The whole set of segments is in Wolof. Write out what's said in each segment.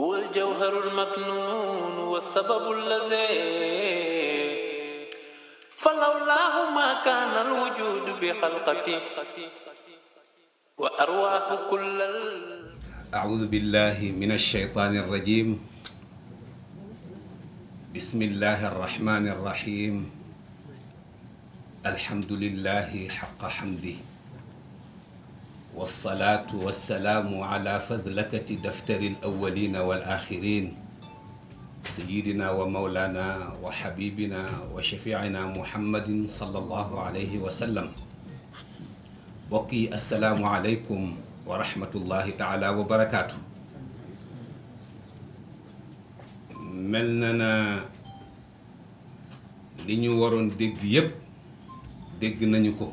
هو الجوهر المكنون والسبب الذي فلولاه ما كان الوجود بخلقتي وأرواح كل ال... أعوذ بالله من الشيطان الرجيم بسم الله الرحمن الرحيم الحمد لله حق حمده wasalaatu wasalaamu ala fadlakati daftari l awalina wal axirin sayidina wa mawlana wa xabibina wa shafiina muhammadin sallallahu alayhi wa sallam mbokk yi asalaamu aleykum wa rahmatullahi taala wa barakaatu mel na na li ñu waroon dégg yépp dégg nañu ko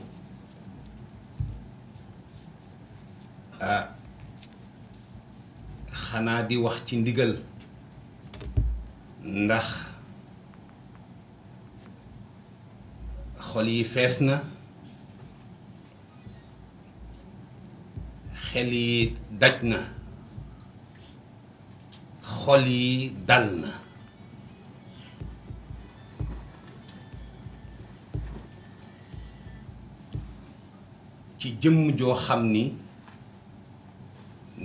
ah xanaa di wax ci ndigal ndax xol yi fees na xel yi daj na xol yi dal na ci jëmm joo xam ni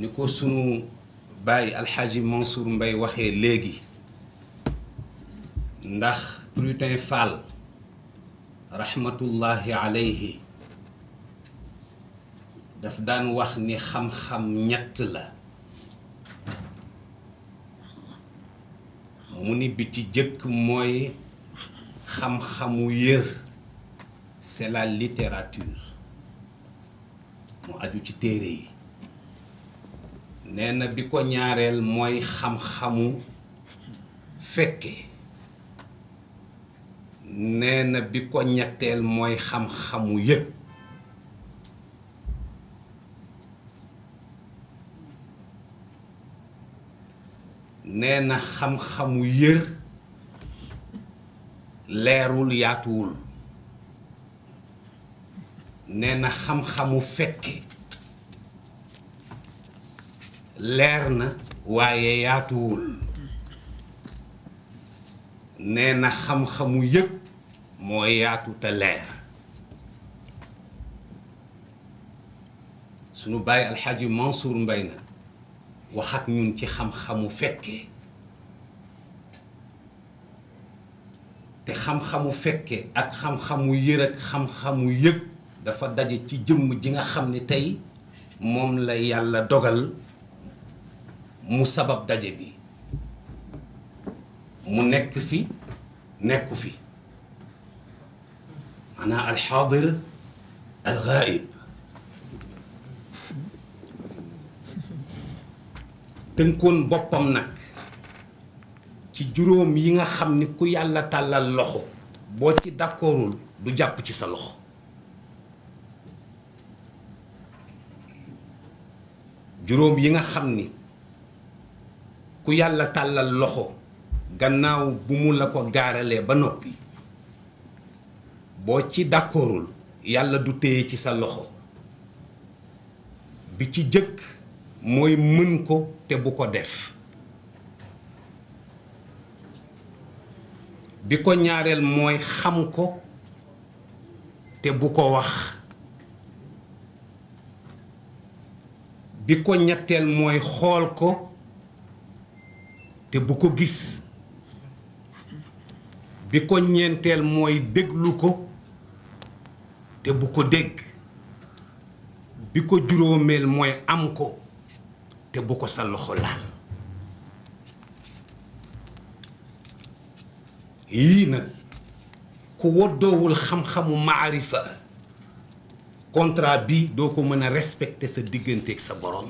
ni ko suñu bàyyi alxaaji Mansour mbay waxee léegi ndax Prutin Fall rahmatullahi alayhi daf daan wax ni xam-xam ñett la mu ni bi ci jëkk mooy xam-xamu yër c'est la littérature mu aju ci téere yi neena na bi ko ñaareel mooy xam-xamu fekke nee bi ko ñetteel mooy xam-xamu na xam-xamu yër leerul yaatuwul nee na xam-xamu fekke leer na waaye yaatuwul nee na xam-xamu yëg moo yaatu te leer sunu bàyyi alxaaji Mansour Mbay na wax ak ñun ci xam-xamu fekkee te xam-xamu fekke ak xam-xamu yër ak xam-xamu yëg dafa daje ci jëmm ji nga xam ni tey moom la yàlla dogal mu sabab daje bi mu nekk fi nekku fi maanaam alxaadir alxaaib tënkoon boppam nag ci juróom yi nga xam ni ku yàlla tàllal loxo boo ci d'accordul du jàpp ci sa loxo juróom yi nga xam ni ku yàlla tàllal loxo gannaaw bu mu la ko gaaralee ba noppi boo ci d'accordul yàlla du téye ci sa loxo bi ci jëkk mooy mën ko te bu ko def bi ko ñaareel mooy xam ko te bu ko wax bi ko ñetteel mooy xool ko te bu ko gis bi ko ñeenteel mooy déglu ko te bu ko dégg bi ko juróomeel mooy am ko te bu ko sa loxo laal yii nag ku woddoowul xam-xamu maarifa contrat bi doo ko mën a respecter sa digganteeg sa borom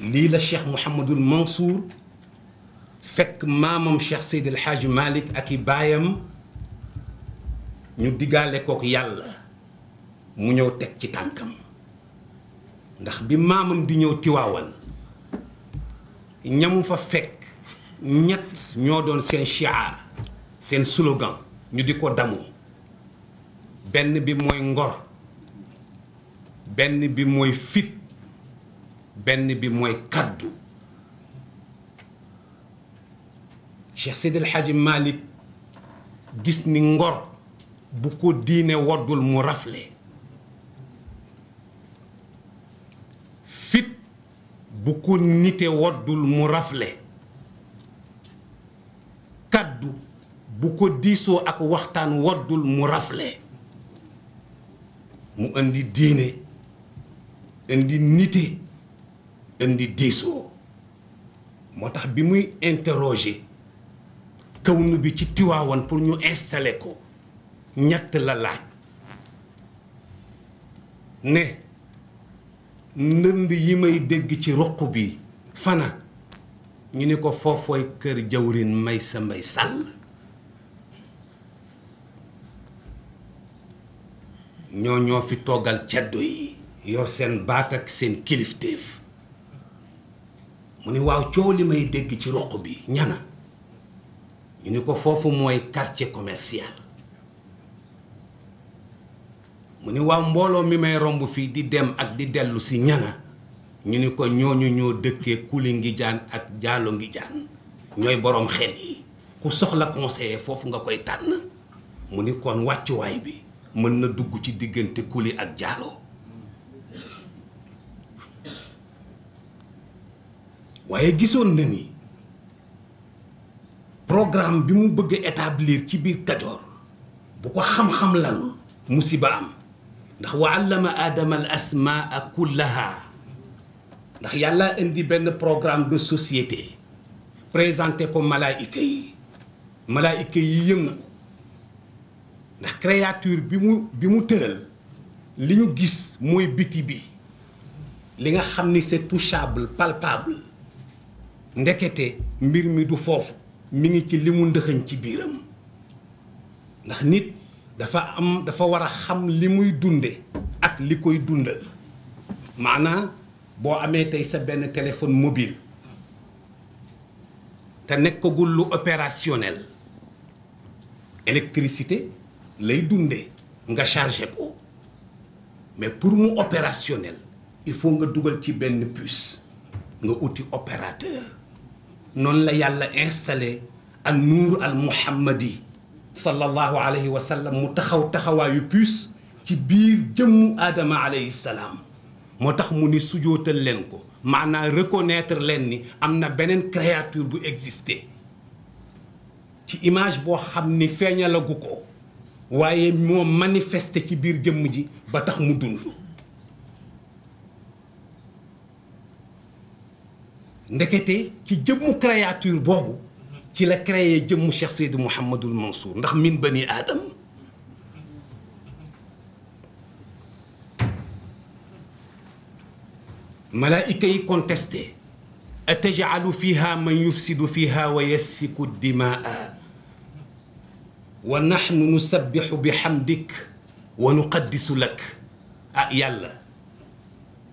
lii la Cheikh Mouhamadul Mansour fekk maamam Cheikh Seydil Hadj Malick ak i baayam ñu diggaale kook yàlla mu ñëw teg ci tànkam ndax bi maamam di ñëw tiwaawan ñamu fa fekk ñett ñoo doon seen shiar seen slogan ñu di ko damu benn bi mooy ngor benn bi mooy fit benn bi mooy kaddu Cheikh Seydil Hadji Malick gis ni ngor bu ko diine woddul mu rafle fit bu ko nite woddul mu rafle kaddu bu ko diisoo ak waxtaan woddul mu rafle mu indi diine indi nite indi diisoo moo tax bi muy interroger kawnu bi ci Tiwaawan pour ñu installer ko ñett la laaj ne ndënd yi may dégg ci roq bi fana ñu ni ko foofooy kër jawrin may sa mbay sàll ñoo ñoo fi toggal ceddo yi yow seen baat ak seen kilifteef mu ne waaw coow li may dégg ci roq bi ñana ñu ni ko foofu mooy quartier commercial mu ni waaw mbooloo mi may romb fii di dem ak di dellu si ñana ñu ni ko ñooñu ñoo dëkkee kuli ngi jaan ak jaaloo ngi jaan ñooy boroom xel yi ku soxla conseiller foofu nga koy tànn mu ni kon wàccuwaay bi mën na dugg ci diggante kuli ak jaalo waaye gisoon na ni programme bi mu bëgg établir ci biir Kajoor bu ko xam-xam lalul musiba am ndax wa allama aadama al asmaa kullaha ndax yàlla indi benn programme de société présenté ko malaayika yi malaayika yi yëngu ndax créature bi mu bi mu tëral li ñu gis mooy biti bi li nga xam ni c'est touchable palpable ndekete mbir mi du foofu mu ngi ci li mu ndëxañ ci biiram ndax nit dafa am dafa war a xam li muy dunde ak li koy dundal maanaa boo amee tey sa benn téléphone mobile te nekkagul lu opérationnel électricité lay dunde nga chargé ko mais pour mu opérationnel il faut nga dugal ci benn puce nga wuti opérateur noonu la yàlla installé an nuur al muhammadi sallallahu alayhi wa sallam mu taxaw taxawaayu puus ci biir jëmm aadama alayhi salaam moo tax mu ni sujootal leen ko maanaam reconnaître leen ni am na beneen créature bu existé ci image boo xam ni feeñalagu ko waaye moo manifesté ci biir jëmm ji ba tax mu dund ndekete ci jëmmu créature boobu ci la créé jëmmu Cheikh Seydi Mouhamadul Mansour ndax min bani aadam malaayika yi contesté atajalu fiha man yufsidu fiha wa yasfiku dimaa wa naxnu nusabbixu bi xamdik wa nuqaddisu lak ah yàlla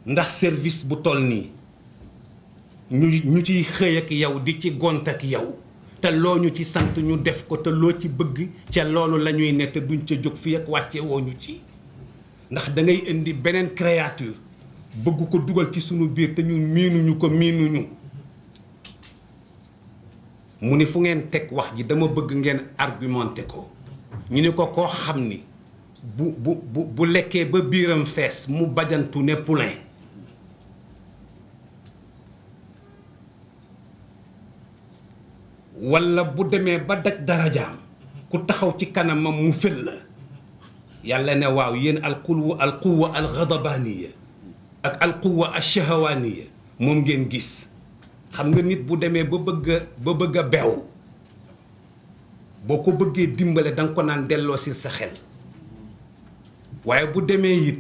ndax service bu toll nii ñu ñu ciy xëy ak yow di ci gont ak yow te loo ñu ci sant ñu def ko te loo ci bëgg ca loolu la ñuy ne te duñ ca jóg fii ak wàcce woo ñu ci ndax dangay indi beneen créature bëgg ko dugal ci sunu biir te ñu miinuñu ko miinuñu mu ni fu ngeen teg wax ji dama bëgg ngeen argumenté ko ñu ni ko koo xam ni bu bu bu bu lekkee ba biiram fees mu bajantu ne poulain wala bu demee ba daj darajaam ku taxaw ci kanamam mu fël la yàlla ne waaw yéen alquwa alquwa alxadabaniya ak alquwa alshahawaniya moom ngeen gis xam nga nit bu demee ba bëgg a ba bëgg beew boo ko bëggee dimbale danga ko naan delloo sil sa xel waaye bu demee it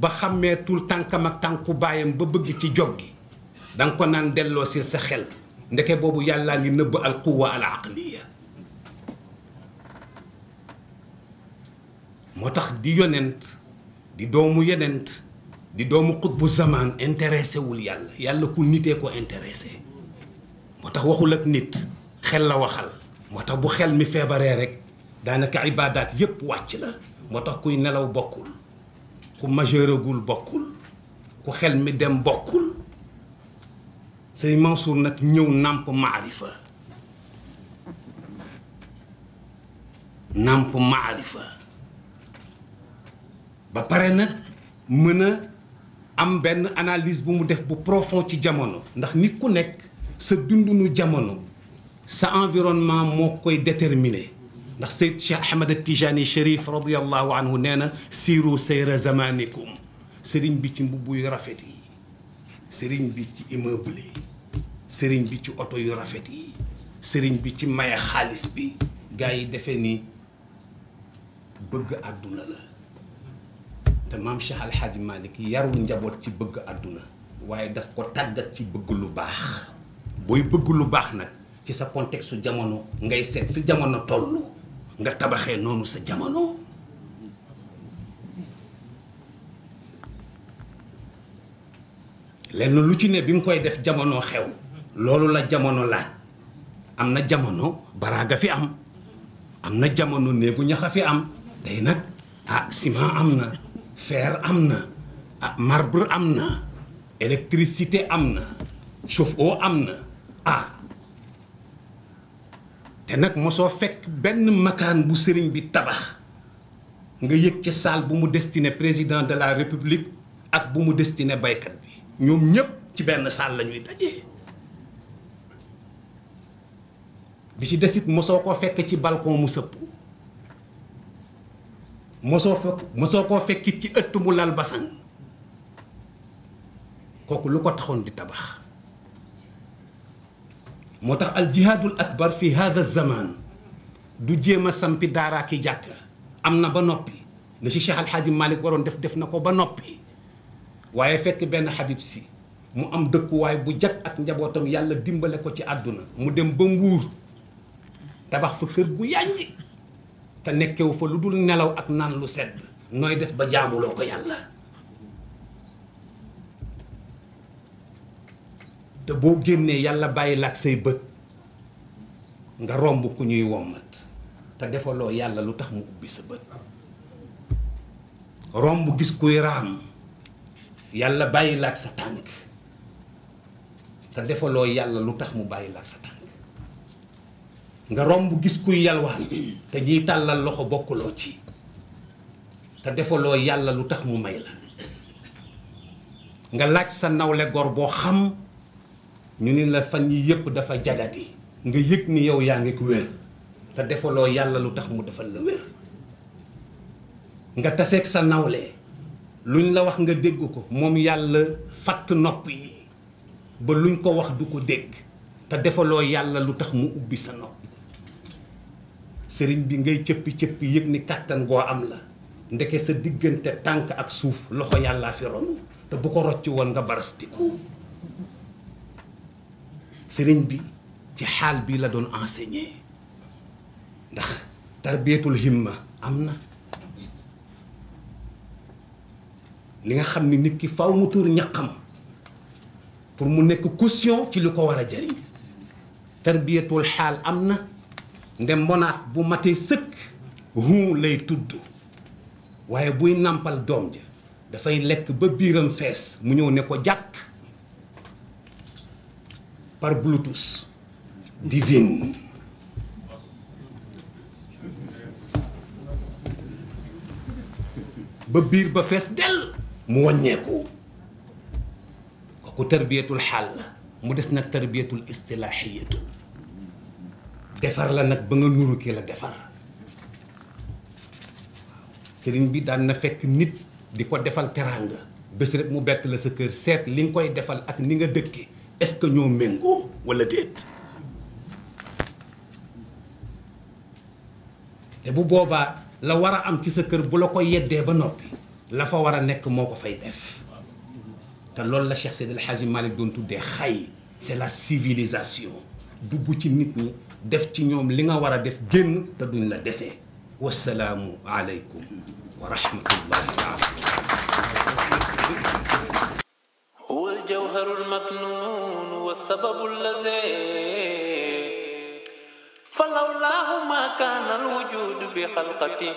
ba xàmmeetul tànkam ak tànku baayam ba bëgg ci jog gi danga ko naan delloo sil sa xel ndeke boobu yàllaa ngi nëbb al quwa al aqliya moo tax di yonent di doomu yonent di doomu xutbu zaman intéressé wul yàlla yàlla ku nitee ko intéressé moo tax waxul ak nit xel la waxal moo tax bu xel mi feebaree rek daanaka ibaadaat yépp wàcc la moo tax kuy nelaw bokkul ku majeuragul bokkul ku xel mi dem bokkul sëñ Mansour nag ñëw nàmp maarifa nàmp maarifa ba pare nag mën a am benn analyse bu mu def bu profond ci jamono ndax nit ku nekk sa dundunu jamono sa environnement moo koy déterminer ndax Seyd Cheikh Ahmed Tijani Chérif radiallahu anhu nee na siiru sayra zamanikum sëriñ bi ci mbubb yu rafet yi sëriñ bi ci immeuble sëriñ bi ci oto yu rafet yi sëriñ bi ci maye xaalis bi gars yi defe ni bëgg àdduna la te maam Cheikh Al Hadj Malick yarul njaboot ci bëgg àdduna waaye daf ko tàggat ci bëgg lu baax booy bëgg lu baax nag ci sa contexte jamono ngay seet fi jamono toll nga tabaxee noonu sa jamono lenn lu ci ne bi nga koy def jamono xew loolu la jamono laaj am na jamono baraaga fi am am na jamono néegu ñax a fi am tey nag ah ciment am na fer am na ah marbre am na électricité am na chauffe-eau am na ah te nag mosoo fekk benn makaan bu sëriñ bi tabax nga yëg ca saal bu mu destiné président de la république ak bu mu destiné baykat bi ñoom ñëpp ci benn salle lañuy ñuy bi ci desit mosoo koo fekk ci balcon mu sëpp mosoo fekk koo fekkit ci ëtt mu lal basan kooku lu ko taxoon di tabax moo tax al jihaadul akbar fi hada zaman du jéem a sampi daaraa ki jàkk am na ba noppi la si Cheikh Alhaaji Malick waroon def def na ko ba noppi waaye fekk benn Habib Sy mu am dëkkuwaay bu jag ak njabootam yàlla dimbale ko ci àdduna mu dem ba mbuur tabax fa kër gu yànji te nekkewu fa lu dul nelaw ak naan lu sedd nooy def ba jaamuloo ko yàlla te boo génnee yàlla bàyyi la ak say bët nga romb ku ñuy wommat te defaloo yàlla lu tax mu ubbi sa bët romb gis kuy raam yàlla bàyyi la ak sa tànk te defaloo yàlla lu tax mu bàyyi la ak sa tànk nga romb gis kuy yalwaan te ñiy tàllal loxo bokkuloo ci te defaloo yàlla lu tax mu may la nga laaj sa nawle gor boo xam ñu ni la fan yii yëpp dafa jagati nga yëg ni yow yaa ngi ko wér te defaloo yàlla lu tax mu defal la wér nga taseeg sa nawle luñ la wax nga dégg ko moom yàlla fatt nopp yi ba luñ ko wax du ko dégg te defaloo yàlla lu tax mu ubbi sa nopp sëriñ bi ngay cëpp cëpp yëg ni kàttan goo am la ndeke sa diggante tànk ak suuf loxo yàllaa fi ronu te bu ko rocc woon nga barastiku sëriñ bi ci xaal bi la doon enseigné ndax tarbiyatul himma am na li nga xam ni nit ki faw mu tuur ñaqam pour mu nekk caution ci lu ko war a jëriñ tarbiyatul xaal am na nde mbonaat bu matee sëkk hu lay tudd waaye buy nàmpal doom ja dafay lekk ba biiram fees mu ñëw ne ko jàkk par divine ba biir ba fees dell mu wàññeeku kooku tarbiyatul xaal la mu des nag tarbiyatul istilaaxiyatu defar la nag ba nga nuru ki la defar sëriñ bi daan na fekk nit di ko defal teraanga bés rek mu bett la sa kër seet li nga koy defal ak ni nga dëkke est-ce que ñoo méngoo walla déet te bu boobaa la war a am ci sa kër bu la ko yeddee ba noppi la fa war a nekk moo ko fay def te loolu la Cheikh Seydil Hadji Malick doon tuddee c'est la civilisation dugg ci nit ñi def ci ñoom li nga war a def génn te duñ la dese wasalaamu aleykum wa rahmatullahi taala ma kaana al bi xalqati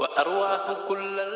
wa arwaaxu kullal